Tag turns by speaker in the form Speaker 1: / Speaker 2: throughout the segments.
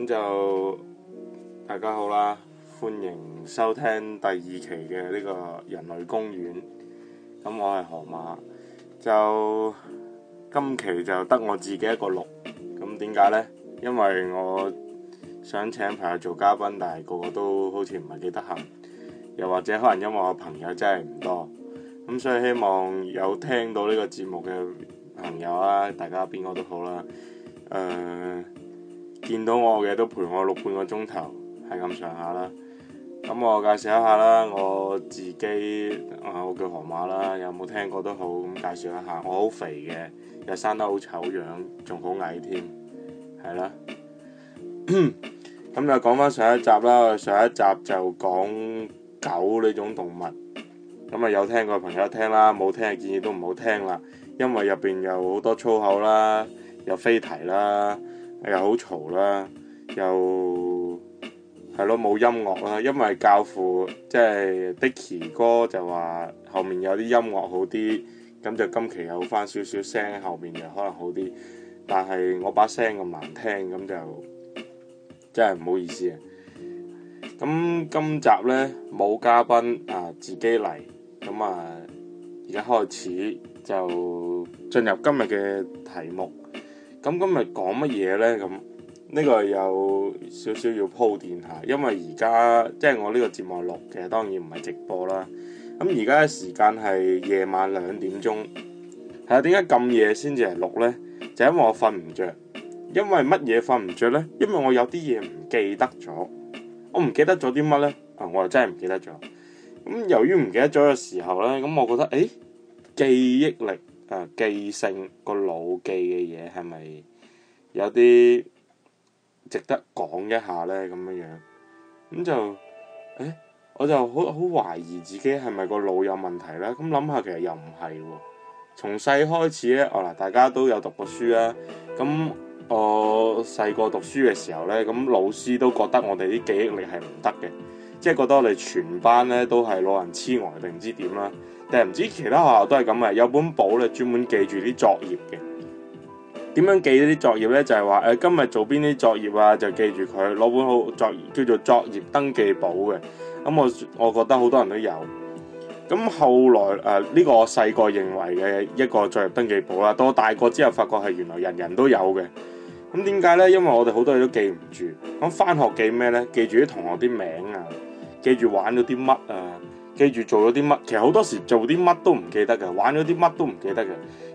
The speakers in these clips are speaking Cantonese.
Speaker 1: 咁就大家好啦，歡迎收聽第二期嘅呢個人類公園。咁我係河馬，就今期就得我自己一個錄。咁點解呢？因為我想請朋友做嘉賓，但係個個都好似唔係幾得閒，又或者可能因為我朋友真係唔多。咁所以希望有聽到呢個節目嘅朋友啊，大家邊個都好啦，誒、呃。見到我嘅都陪我錄半個鐘頭，係咁上下啦。咁我介紹一下啦，我自己，我叫河馬啦，有冇聽過都好，咁介紹一下。我好肥嘅，又生得好醜樣，仲好矮添，係啦。咁 就講翻上一集啦，上一集就講狗呢種動物。咁啊有聽過朋友聽啦，冇聽嘅建議都唔好聽啦，因為入邊有好多粗口啦，有飛提啦。又好嘈啦，又係咯冇音樂啦，因為教父即係 Dicky 哥就話後面有啲音樂好啲，咁就今期有翻少少聲後面就可能好啲，但係我把聲咁難聽咁就真係唔好意思啊！咁今集呢，冇嘉賓啊，自己嚟咁啊，而家開始就進入今日嘅題目。咁今日講乜嘢呢？咁呢個有少少要鋪墊下，因為而家即係我呢個節目錄嘅，當然唔係直播啦。咁而家嘅時間係夜晚兩點鐘，係啊？點解咁夜先至嚟錄呢？就因為我瞓唔着。因為乜嘢瞓唔着呢？因為我有啲嘢唔記得咗，我唔記得咗啲乜呢？啊，我又真係唔記得咗。咁由於唔記得咗嘅時候呢，咁我覺得誒、欸、記憶力。誒、啊、記性，個腦記嘅嘢係咪有啲值得講一下呢？咁樣樣咁就、欸、我就好好懷疑自己係咪個腦有問題呢。咁諗下其實又唔係喎。從細開始呢，我、哦、嗱，大家都有讀過書啦、啊。咁我細個讀書嘅時候呢，咁老師都覺得我哋啲記憶力係唔得嘅。即係覺得我哋全班咧都係老人癡呆定唔知點啦，但係唔知其他學校都係咁嘅。有本簿咧專門記住啲作業嘅。點樣記啲作業咧？就係話誒，今日做邊啲作業啊？就記住佢攞本好作業叫做作業登記簿嘅。咁我我覺得好多人都有。咁後來誒呢、呃呢個我細個認為嘅一個作業登記簿啦，到我大個之後發覺係原來人人都有嘅。咁點解咧？因為我哋好多嘢都記唔住。咁返學記咩咧？記住啲同學啲名啊！記住玩咗啲乜啊！記住做咗啲乜？其實好多時做啲乜都唔記得嘅，玩咗啲乜都唔記得嘅。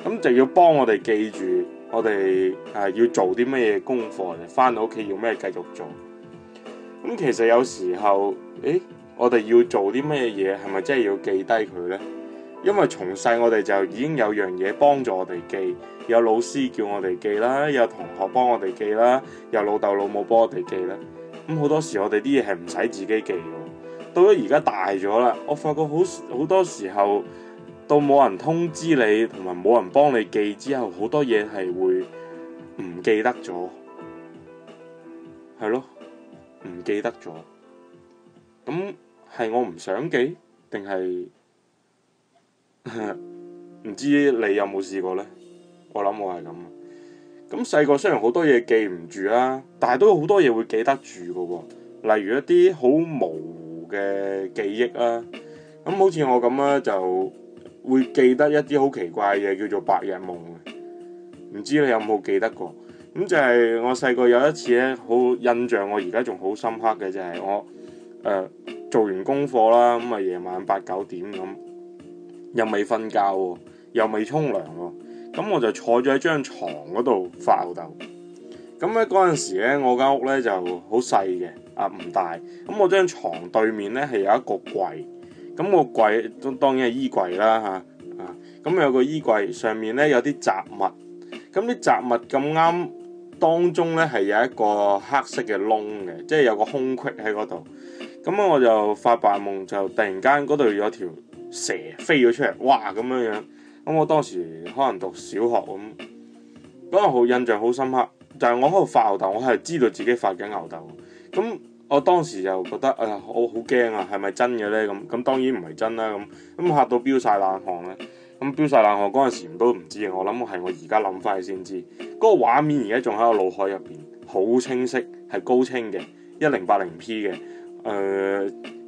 Speaker 1: 咁就要幫我哋記住我哋，我哋係要做啲咩功課，翻到屋企要咩繼續做。咁其實有時候，誒，我哋要做啲咩嘢嘢，係咪真係要記低佢呢？因為從細我哋就已經有樣嘢幫助我哋記，有老師叫我哋記啦，有同學幫我哋記啦，有老豆老母幫我哋記啦。咁好多時我哋啲嘢係唔使自己記。到咗而家大咗啦，我發覺好好多時候，到冇人通知你，同埋冇人幫你記之後，好多嘢係會唔記得咗，係咯，唔記得咗。咁係我唔想記，定係唔知你有冇試過呢？我諗我係咁。咁細個雖然好多嘢記唔住啦、啊，但係都有好多嘢會記得住噶、啊。例如一啲好模糊。嘅記憶啦，咁好似我咁啦，就會記得一啲好奇怪嘅嘢，叫做白日夢，唔知你有冇記得過？咁就係我細個有一次咧，好印象，我而家仲好深刻嘅就係、是、我誒、呃、做完功課啦，咁啊夜晚八九點咁又未瞓覺喎，又未沖涼喎，咁我就坐咗喺張床嗰度發吽哣。咁喺嗰陣時咧，我間屋咧就好細嘅。啊，唔大咁。我張床對面呢係有一個櫃，咁、那個櫃都當然係衣櫃啦，嚇、啊、咁有個衣櫃上面呢有啲雜物，咁啲雜物咁啱當中呢係有一個黑色嘅窿嘅，即係有個空隙喺嗰度。咁我就發白夢，就突然間嗰度有條蛇飛咗出嚟，哇咁樣樣。咁我當時可能讀小學咁，嗰個好印象好深刻。就係、是、我喺度發牛豆，我係知道自己發緊牛豆。咁我當時就覺得誒、哎，我好驚啊，係咪真嘅呢？咁咁當然唔係真啦，咁咁嚇到飆晒冷汗咧。咁飆晒冷汗嗰陣時都唔知我諗係我而家諗翻先知。嗰、那個畫面而家仲喺我腦海入邊，好清晰，係高清嘅，一零八零 P 嘅。誒、呃、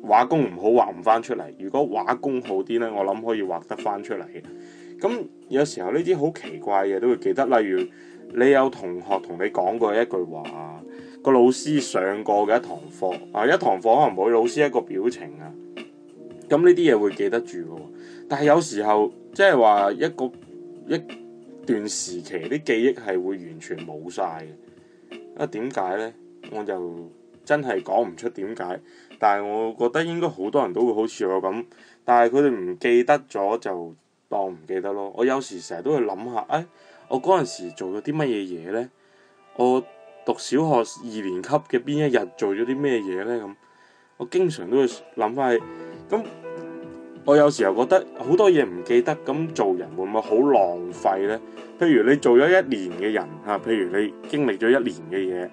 Speaker 1: 畫功唔好，畫唔翻出嚟。如果畫功好啲呢，我諗可以畫得翻出嚟嘅。咁有時候呢啲好奇怪嘅都會記得，例如你有同學同你講過一句話。個老師上過嘅一堂課啊，一堂課可能冇老師一個表情啊，咁呢啲嘢會記得住嘅。但係有時候即係話一個一段時期啲記憶係會完全冇晒嘅。啊，點解呢？我就真係講唔出點解。但係我覺得應該好多人都會好似我咁，但係佢哋唔記得咗就當唔記得咯。我有時成日都去諗下，誒，啊，我嗰陣時做咗啲乜嘢嘢呢？我讀小學二年級嘅邊一日做咗啲咩嘢呢？咁我經常都會諗翻起，咁我有時候覺得好多嘢唔記得，咁做人會唔會好浪費呢？譬如你做咗一年嘅人呀，譬如你經歷咗一年嘅嘢，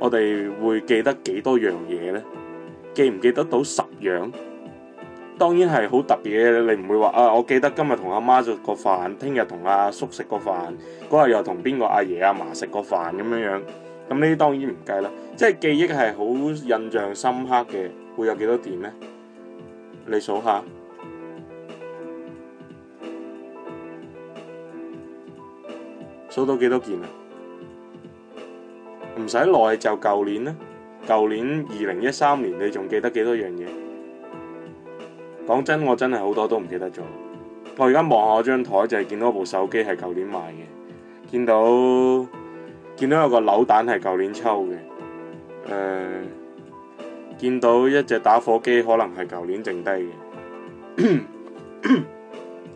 Speaker 1: 我哋會記得幾多樣嘢呢？記唔記得到十樣？當然係好特別嘅，你唔會話啊！我記得今日同阿媽做個飯，聽日同阿叔食個飯，嗰日又同邊個阿爺阿嫲食個飯咁樣樣。咁呢啲當然唔計啦，即係記憶係好印象深刻嘅，會有幾多點呢？你數下，數到幾多件啊？唔使耐就舊年啦，舊年二零一三年，你仲記得幾多樣嘢？講真，我真係好多都唔記得咗。我而家望下我張台，就係、是、見到部手機係舊年買嘅，見到見到有個扭蛋係舊年抽嘅，誒、呃，見到一隻打火機可能係舊年剩低嘅。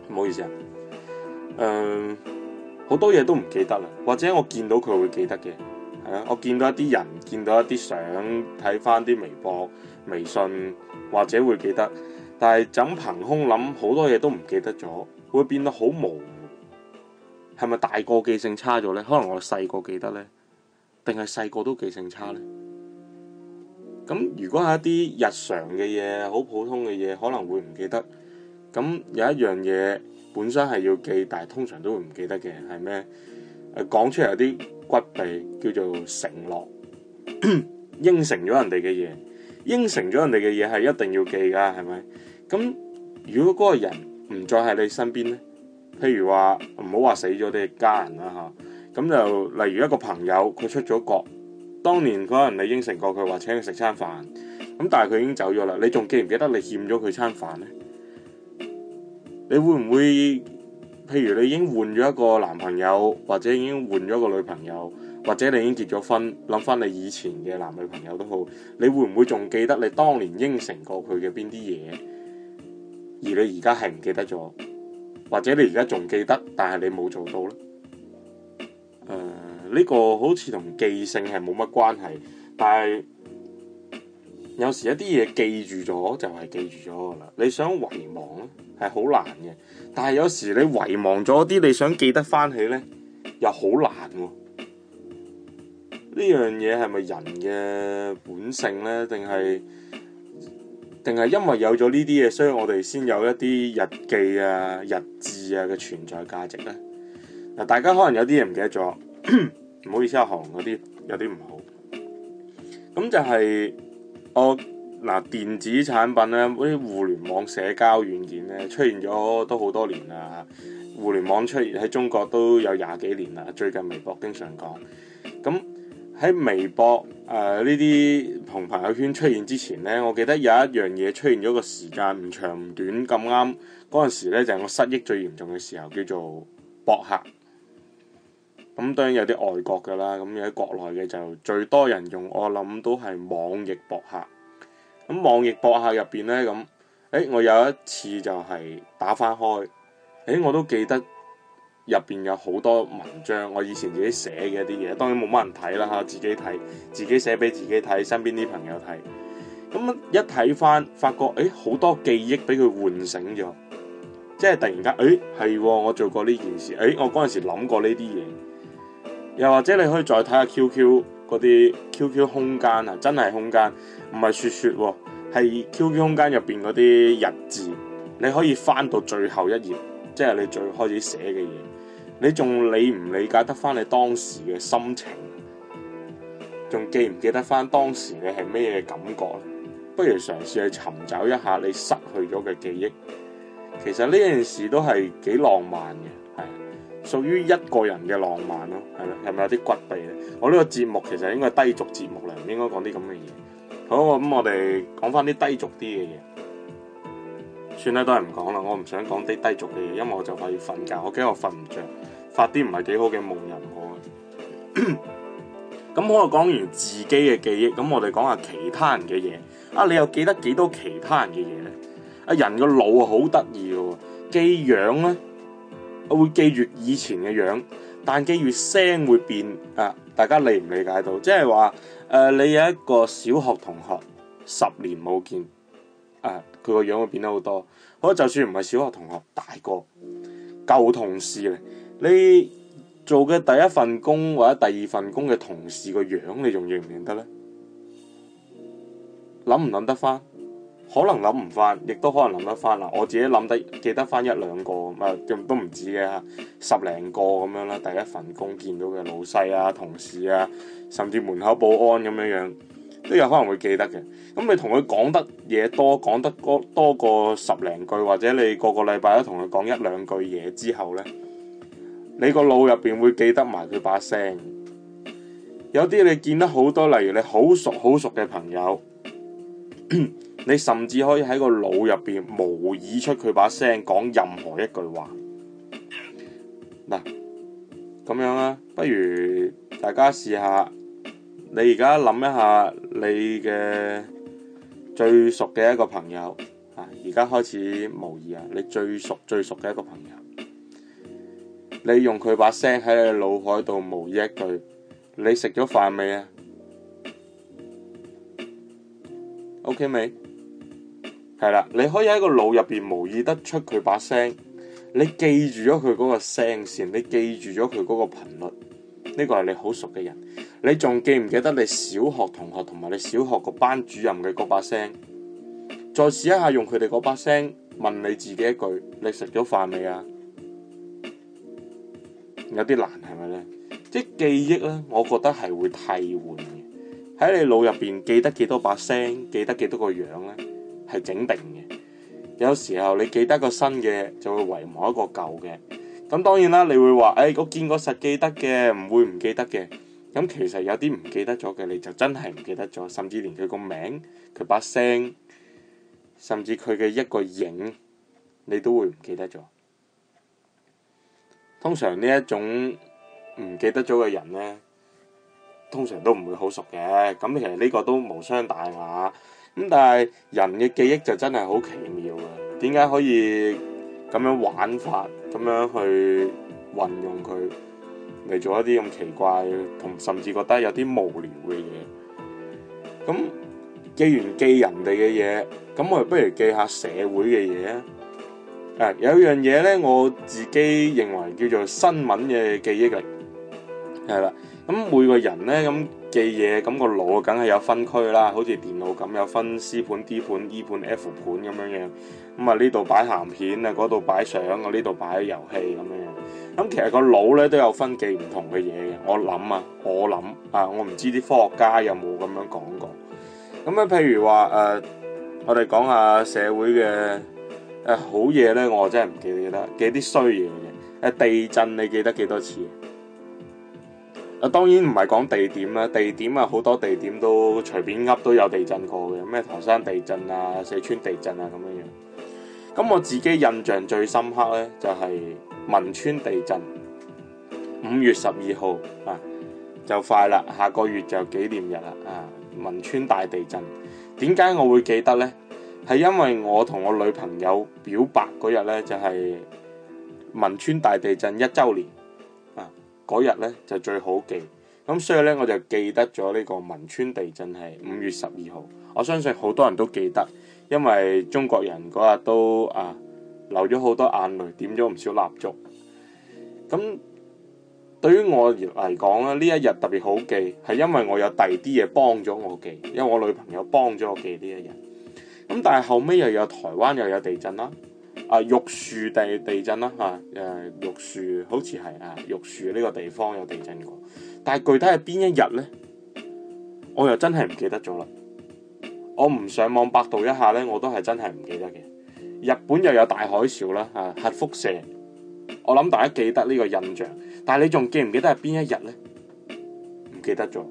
Speaker 1: 唔 好意思啊，誒、呃，好多嘢都唔記得啦。或者我見到佢會記得嘅，係、呃、啊，我見到一啲人，見到一啲相，睇翻啲微博、微信，或者會記得。但係枕憑空諗好多嘢都唔記得咗，會變得好模糊。係咪大個記性差咗呢？可能我細個記得呢，定係細個都記性差呢？咁如果係一啲日常嘅嘢、好普通嘅嘢，可能會唔記得。咁有一樣嘢本身係要記，但係通常都會唔記得嘅係咩？誒講、啊、出嚟有啲骨痹，叫做承諾， 應承咗人哋嘅嘢。應承咗人哋嘅嘢係一定要記㗎，係咪？咁如果嗰個人唔再喺你身邊呢？譬如話唔好話死咗你家人啦吓，咁就例如一個朋友，佢出咗國，當年可能你應承過佢話請佢食餐飯，咁但係佢已經走咗啦，你仲記唔記得你欠咗佢餐飯呢？你會唔會？譬如你已經換咗一個男朋友，或者已經換咗個女朋友，或者你已經結咗婚，諗返你以前嘅男女朋友都好，你會唔會仲記得你當年應承過佢嘅邊啲嘢？而你而家係唔記得咗，或者你而家仲記得，但係你冇做到咧？誒、呃、呢、這個好似同記性係冇乜關係，但係。有時一啲嘢記住咗就係、是、記住咗噶啦，你想遺忘咧係好難嘅，但係有時你遺忘咗啲你想記得翻起呢，又好難喎。呢樣嘢係咪人嘅本性呢？定係定係因為有咗呢啲嘢，所以我哋先有一啲日記啊、日誌啊嘅存在價值呢？嗱，大家可能有啲嘢唔記得咗，唔 好意思啊，行嗰啲有啲唔好，咁就係、是。我嗱、oh, 電子產品咧，嗰啲互聯網社交軟件咧，出現咗都好多年啦。互聯網出現喺中國都有廿幾年啦。最近微博經常講，咁喺微博誒呢啲同朋友圈出現之前咧，我記得有一樣嘢出現咗個時間唔長唔短，咁啱嗰陣時咧，就係、是、我失憶最嚴重嘅時候，叫做博客。咁當然有啲外國㗎啦，咁喺國內嘅就最多人用，我諗都係網易博客。咁網易博客入邊呢，咁，誒我有一次就係打翻開，誒我都記得入邊有好多文章，我以前自己寫嘅一啲嘢，當然冇乜人睇啦嚇，自己睇，自己寫俾自己睇，身邊啲朋友睇。咁一睇翻，發覺誒好多記憶俾佢喚醒咗，即係突然間誒係我做過呢件事，誒我嗰陣時諗過呢啲嘢。又或者你可以再睇下 QQ 嗰啲 QQ 空間啊，真係空間，唔係説説喎，係 QQ 空間入邊嗰啲日誌。你可以翻到最後一頁，即係你最開始寫嘅嘢，你仲理唔理解得翻你當時嘅心情？仲記唔記得翻當時你係咩嘢感覺？不如嘗試去尋找一下你失去咗嘅記憶，其實呢件事都係幾浪漫嘅，係。屬於一個人嘅浪漫咯，係咯，係咪有啲骨痹咧？我呢個節目其實應該係低俗節目嚟，唔應該講啲咁嘅嘢。好，咁我哋講翻啲低俗啲嘅嘢。算啦，都係唔講啦，我唔想講啲低俗嘅嘢，因為我就快要瞓覺，我驚我瞓唔着，發啲唔係幾好嘅夢人。我。咁 好啊，講完自己嘅記憶，咁我哋講下其他人嘅嘢。啊，你又記得幾多其他人嘅嘢咧？啊，人個腦啊好得意嘅喎，記樣咧。我會記住以前嘅樣，但記住聲會變啊！大家理唔理解到？即係話誒，你有一個小學同學十年冇見啊，佢個樣會變得好多。我就算唔係小學同學，大個舊同事咧，你做嘅第一份工或者第二份工嘅同事個樣，你仲認唔認得呢？諗唔諗得翻？可能諗唔翻，亦都可能諗得翻啦。我自己諗得記得翻一兩個，唔都唔止嘅，十零個咁樣啦。第一份工見到嘅老細啊、同事啊，甚至門口保安咁樣樣，都有可能會記得嘅。咁你同佢講得嘢多，講得多多過十零句，或者你個個禮拜都同佢講一兩句嘢之後呢，你個腦入邊會記得埋佢把聲。有啲你見得好多，例如你好熟好熟嘅朋友。你甚至可以喺個腦入邊模擬出佢把聲講任何一句話。嗱，咁樣啊，不如大家試下。你而家諗一下你嘅最熟嘅一個朋友啊，而家開始模擬啊，你最熟最熟嘅一個朋友，你用佢把聲喺你腦海度模擬一句：你食咗飯未啊？OK 未？係啦，你可以喺個腦入邊模擬得出佢把聲，你記住咗佢嗰個聲線，你記住咗佢嗰個頻率，呢個係你好熟嘅人。你仲記唔記得你小學同學同埋你小學個班主任嘅嗰把聲？再試一下用佢哋嗰把聲問你自己一句：你食咗飯未啊？有啲難係咪呢？即係記憶呢，我覺得係會替換嘅。喺你腦入邊記得幾多把聲，記得幾多個樣呢？係整定嘅，有時候你記得個新嘅，就會遺忘一個舊嘅。咁當然啦，你會話：誒、哎，我見過實記得嘅，唔會唔記得嘅。咁其實有啲唔記得咗嘅，你就真係唔記得咗，甚至連佢個名、佢把聲，甚至佢嘅一個影，你都會唔記得咗。通常呢一種唔記得咗嘅人呢，通常都唔會好熟嘅。咁其實呢個都無傷大雅。咁但係人嘅記憶就真係好奇妙啊！點解可以咁樣玩法、咁樣去運用佢嚟做一啲咁奇怪、同甚至覺得有啲無聊嘅嘢？咁既然記人哋嘅嘢，咁我哋不如記下社會嘅嘢啊！誒，有一樣嘢咧，我自己認為叫做新聞嘅記憶力係啦。咁每個人咧咁記嘢，咁個腦梗係有分區啦，好似電腦咁有分 C 盤、D 盤、E 盤、F 盤咁樣樣。咁啊呢度擺鹹片啊，嗰度擺相，我呢度擺遊戲咁樣。咁其實個腦咧都有分記唔同嘅嘢嘅。我諗啊，我諗啊，我唔知啲科學家有冇咁樣講過。咁啊，譬如話誒，我哋講下社會嘅誒、呃、好嘢咧，我真係唔記得記啲衰嘢嘅。誒，地震你記得幾多次？啊，當然唔係講地點啦，地點啊好多地點都隨便噏都有地震過嘅，咩唐山地震啊、四川地震啊咁樣樣。咁我自己印象最深刻呢，就係汶川地震。五月十二號啊，就快啦，下個月就紀念日啦啊！汶川大地震，點解我會記得呢？係因為我同我女朋友表白嗰日呢，就係汶川大地震一周年。嗰日咧就最好記，咁所以咧我就記得咗呢個汶川地震係五月十二號。我相信好多人都記得，因為中國人嗰日都啊流咗好多眼淚，點咗唔少蠟燭。咁對於我嚟講咧，呢一日特別好記，係因為我有第二啲嘢幫咗我記，因為我女朋友幫咗我記呢一日。咁但係後尾又有台灣又有地震啦。啊玉樹地地震啦、啊、吓，誒、啊、玉樹好似係啊玉樹呢個地方有地震過，但係具體係邊一日呢？我又真係唔記得咗啦。我唔上網百度一下呢，我都係真係唔記得嘅。日本又有大海嘯啦，吓、啊、核輻射，我諗大家記得呢個印象，但係你仲記唔記得係邊一日呢？唔記得咗，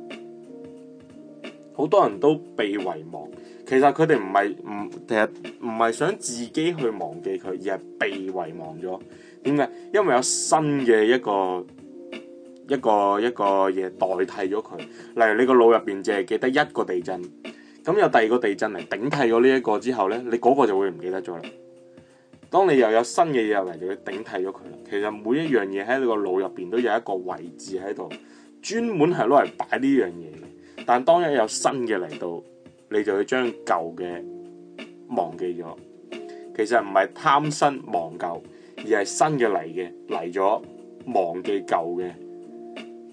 Speaker 1: 好多人都被遺忘。其實佢哋唔係唔其實唔係想自己去忘記佢，而係被遺忘咗。點解？因為有新嘅一個一個一個嘢代替咗佢。例如你個腦入邊淨係記得一個地震，咁有第二個地震嚟頂替咗呢一個之後咧，你嗰個就會唔記得咗啦。當你又有新嘅嘢入嚟就會頂替咗佢啦，其實每一樣嘢喺你個腦入邊都有一個位置喺度，專門係攞嚟擺呢樣嘢嘅。但當一有新嘅嚟到，你就要將舊嘅忘記咗，其實唔係貪新忘舊，而係新嘅嚟嘅嚟咗忘記舊嘅，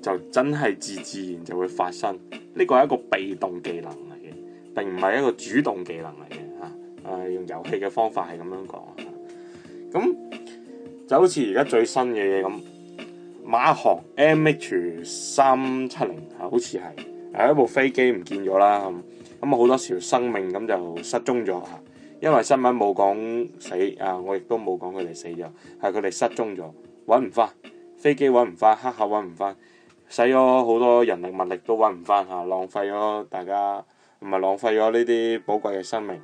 Speaker 1: 就真係自自然就會發生。呢個係一個被動技能嚟嘅，並唔係一個主動技能嚟嘅吓。誒、啊，用遊戲嘅方法係咁樣講啊。咁就好似而家最新嘅嘢咁，馬航 M H 三七零啊，好似係有一部飛機唔見咗啦，咁。咁好多時候生命咁就失蹤咗啊！因為新聞冇講死啊，我亦都冇講佢哋死咗，係佢哋失蹤咗，揾唔返，飛機揾唔返，黑客揾唔返，使咗好多人力物力都揾唔返，吓、啊，浪費咗大家，唔係浪費咗呢啲寶貴嘅生命。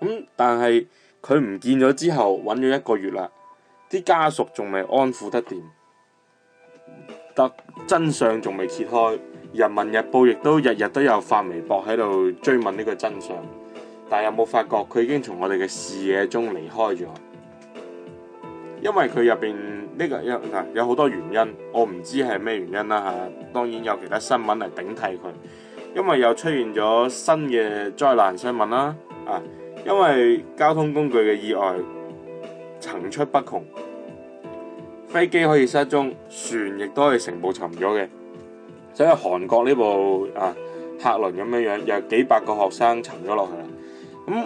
Speaker 1: 咁、嗯、但係佢唔見咗之後，揾咗一個月啦，啲家屬仲未安撫得掂，但真相仲未揭開。《人民日報》亦都日日都有發微博喺度追問呢個真相，但係有冇發覺佢已經從我哋嘅視野中離開咗？因為佢入邊呢個有有好多原因，我唔知係咩原因啦嚇、啊。當然有其他新聞嚟頂替佢，因為又出現咗新嘅災難新聞啦啊！因為交通工具嘅意外層出不窮，飛機可以失蹤，船亦都可以成部沉咗嘅，就係韓國呢部啊客輪咁樣樣，有幾百個學生沉咗落去啦。咁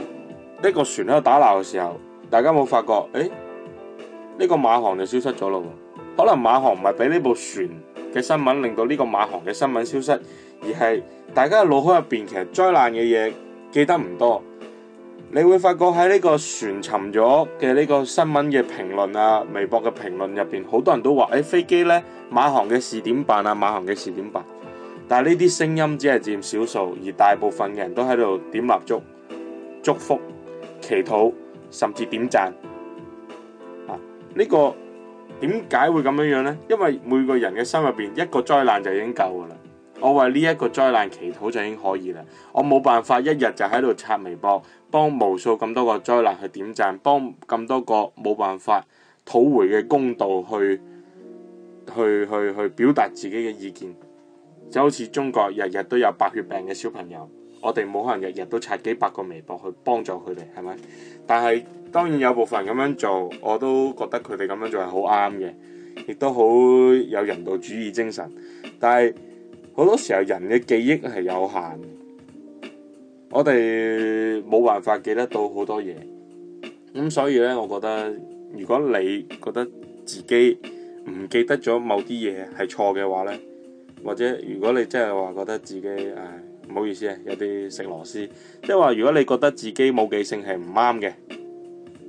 Speaker 1: 呢個船喺度打鬧嘅時候，大家冇發覺？誒、欸，呢、呢個馬航就消失咗咯。可能馬航唔係俾呢部船嘅新聞令到呢個馬航嘅新聞消失，而係大家腦海入邊其實災難嘅嘢記得唔多。你會發覺喺呢個船沉咗嘅呢個新聞嘅評論啊，微博嘅評論入邊，好多人都話，誒、哎，飛機呢，馬航嘅事點辦啊，馬航嘅事點辦啊？但係呢啲聲音只係佔少數，而大部分嘅人都喺度點蠟燭、祝福、祈禱，甚至點讚。啊，呢個點解會咁樣樣呢？因為每個人嘅心入邊，一個災難就已經夠啦。我為呢一個災難祈禱就已經可以啦。我冇辦法一日就喺度刷微博，幫無數咁多個災難去點贊，幫咁多個冇辦法討回嘅公道去，去去去，去表達自己嘅意見，就好似中國日日都有白血病嘅小朋友，我哋冇可能日日都刷幾百個微博去幫助佢哋，係咪？但係當然有部分人咁樣做，我都覺得佢哋咁樣做係好啱嘅，亦都好有人道主義精神，但係。好多時候，人嘅記憶係有限，我哋冇辦法記得到好多嘢。咁所以呢，我覺得如果你覺得自己唔記得咗某啲嘢係錯嘅話呢，或者如果你真係話覺得自己，唉，唔好意思啊，有啲食螺絲，即係話如果你覺得自己冇記性係唔啱嘅，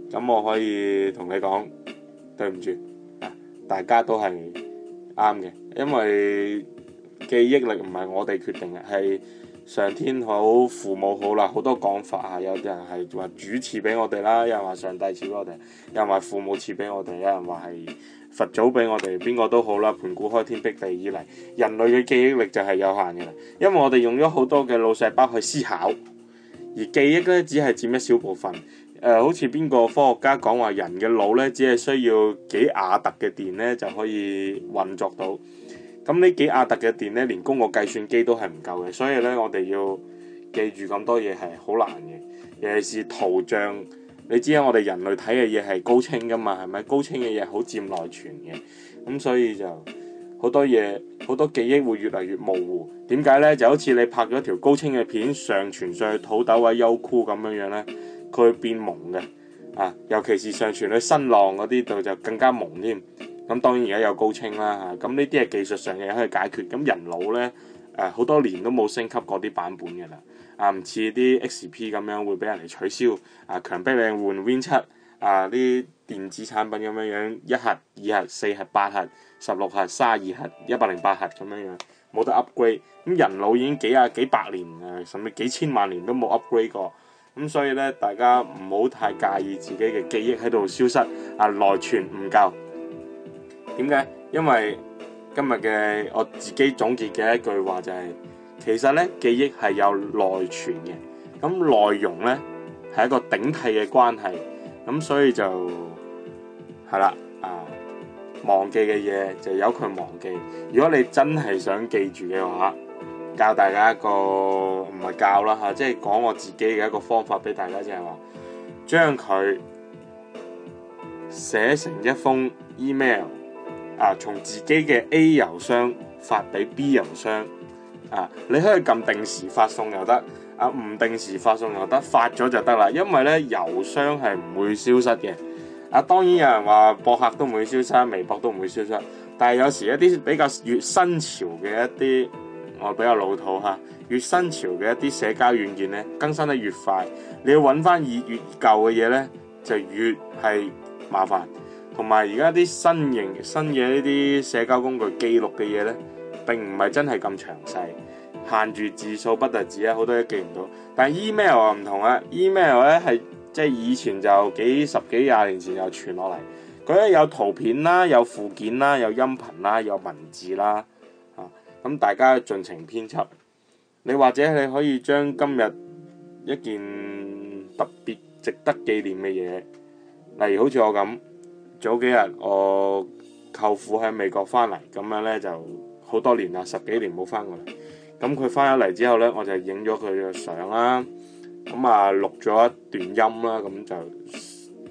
Speaker 1: 咁我可以同你講對唔住，大家都係啱嘅，因為。記憶力唔係我哋決定嘅，係上天好父母好啦，好多講法啊！有啲人係話主賜俾我哋啦，有人話上帝賜俾我哋，有人話父母賜俾我哋，有人話係佛祖俾我哋，邊個都好啦。盤古開天闢地以嚟，人類嘅記憶力就係有限嘅啦，因為我哋用咗好多嘅腦細胞去思考，而記憶咧，只係佔一小部分。誒、呃，好似邊個科學家講話人嘅腦咧，只係需要幾瓦特嘅電咧就可以運作到。咁呢幾亞特嘅電咧，連供個計算機都係唔夠嘅，所以咧我哋要記住咁多嘢係好難嘅，尤其是圖像，你知我哋人類睇嘅嘢係高清㗎嘛，係咪？高清嘅嘢好佔內存嘅，咁所以就好多嘢，好多記憶會越嚟越模糊。點解咧？就好似你拍咗條高清嘅片上傳上去土豆呀優酷咁樣樣咧，佢會變矇嘅，啊，尤其是上傳去新浪嗰啲度就更加矇添。咁當然而家有高清啦嚇，咁呢啲係技術上嘅嘢可以解決。咁人腦咧，誒、呃、好多年都冇升級過啲版本嘅啦，啊，唔似啲 X P 咁樣會俾人哋取消，啊強迫你換 Win 七啊啲電子產品咁樣樣，一核、二核、四核、八核、十六核、卅二核、一百零八核咁樣樣，冇得 upgrade。咁人腦已經幾啊幾百年啊，甚至幾千萬年都冇 upgrade 過。咁所以咧，大家唔好太介意自己嘅記憶喺度消失，啊內存唔夠。點解？因為今日嘅我自己總結嘅一句話就係，其實呢，記憶係有內存嘅，咁內容呢，係一個頂替嘅關係，咁所以就係啦啊，忘記嘅嘢就由佢忘記。如果你真係想記住嘅話，教大家一個唔係教啦嚇，即係講我自己嘅一個方法俾大家，就係話將佢寫成一封 email。啊，從自己嘅 A 郵箱發俾 B 郵箱啊，你可以撳定時發送又得，啊唔定時發送又得，發咗就得啦。因為咧郵箱係唔會消失嘅。啊，當然有人話博客都唔會消失，微博都唔會消失。但係有時一啲比較越新潮嘅一啲，我比較老土吓，越新潮嘅一啲社交軟件咧，更新得越快，你要揾翻越越舊嘅嘢咧，就越係麻煩。同埋而家啲新型新嘅呢啲社交工具記錄嘅嘢呢，並唔係真係咁詳細，限住字數不特止啊，好多嘢記唔到。但係 email 啊，唔同啦，email 呢係即係以前就幾十幾廿年前就傳落嚟，佢咧有圖片啦，有啦，有附件啦，有音頻啦，有文字啦，啊咁大家盡情編輯。你或者你可以將今日一件特別值得紀念嘅嘢，例如好似我咁。早幾日我舅父喺美國翻嚟，咁樣呢就好多年啦，十幾年冇翻過嚟。咁佢翻咗嚟之後呢，我就影咗佢嘅相啦，咁啊錄咗一段音啦，咁就誒、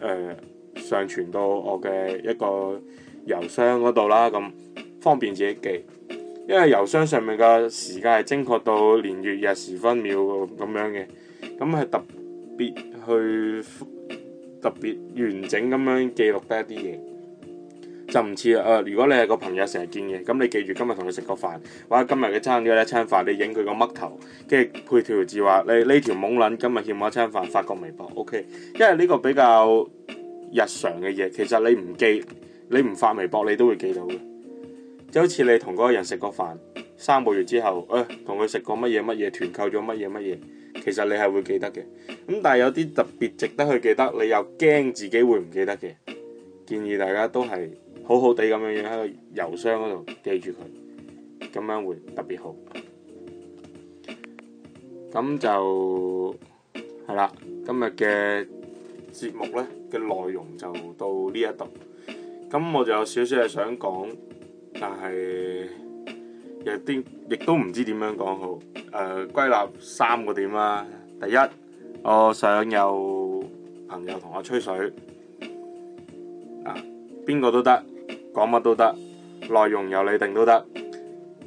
Speaker 1: 呃、上傳到我嘅一個郵箱嗰度啦，咁方便自己記。因為郵箱上面嘅時間係精確到年月日時分秒咁樣嘅，咁係特別去。特別完整咁樣記錄多一啲嘢，就唔似誒，如果你係個朋友成日見嘅，咁你記住今日同佢食個飯，或者今日嘅餐叫一餐飯，你影佢個嘜頭，跟住配條字話你呢條懵撚今日欠我一餐飯，發個微博，OK，因為呢個比較日常嘅嘢，其實你唔記，你唔發微博你都會記到嘅，就好似你同嗰個人食個飯，三個月之後，誒同佢食過乜嘢乜嘢團購咗乜嘢乜嘢。其實你係會記得嘅，咁但係有啲特別值得去記得，你又驚自己會唔記得嘅，建議大家都係好好地咁樣樣喺個郵箱嗰度記住佢，咁樣會特別好。咁就係啦，今日嘅節目呢嘅內容就到呢一度。咁我就有少少係想講，但係。亦都唔知點樣講好。誒、呃，歸納三個點啦、啊。第一，我想有朋友同我吹水啊，邊個都得，講乜都得，內容由你定都得，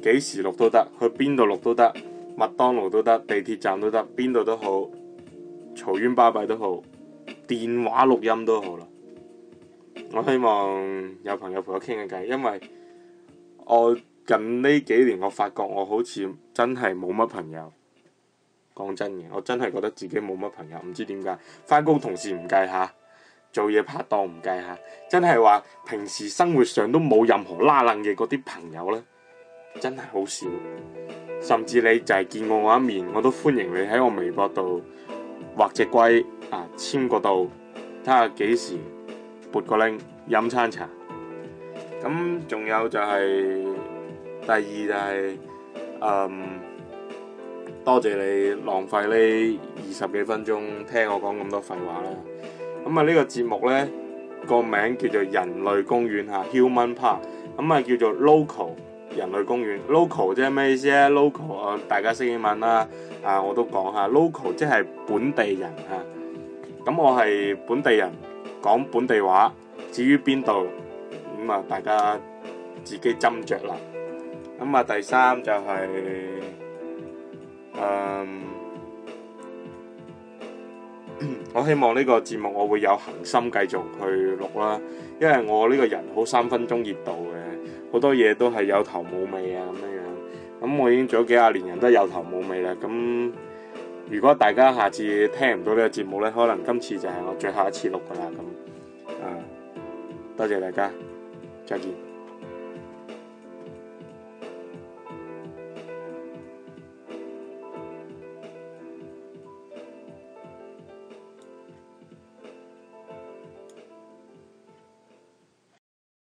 Speaker 1: 幾時錄都得，去邊度錄都得，麥當勞都得，地鐵站都得，邊度都好，嘈冤巴閉都好，電話錄音都好啦。我希望有朋友陪我傾下偈，因為我。近呢幾年，我發覺我好似真係冇乜朋友。講真嘅，我真係覺得自己冇乜朋友，唔知點解。翻工同事唔計下，做嘢拍檔唔計下，真係話平時生活上都冇任何拉冷嘅嗰啲朋友呢，真係好少。甚至你就係見過我一面，我都歡迎你喺我微博度畫隻龜啊簽個到睇下幾時撥個鈴飲餐茶。咁仲有就係、是。第二就係、是，嗯，多謝你浪費呢二十幾分鐘聽我講咁多廢話啦。咁、嗯、啊，這個、節呢個節目咧個名叫做人類公園嚇 （human park）。咁啊、嗯，叫做 local 人類公園。local 即係咩意思啊？local 啊，大家識英文啦、啊。啊，我都講下 local 即係本地人嚇、啊。咁我係本地人，講本地話。至於邊度，咁、嗯、啊，大家自己斟酌啦。咁啊，第三就係、是，嗯，我希望呢個節目我會有恒心繼續去錄啦，因為我呢個人好三分鐘熱度嘅，好多嘢都係有頭冇尾啊咁樣樣。咁、嗯、我已經做咗幾廿年人都有頭冇尾啦。咁如果大家下次聽唔到呢個節目呢，可能今次就係我最後一次錄噶啦咁。啊、嗯，多謝大家，再見。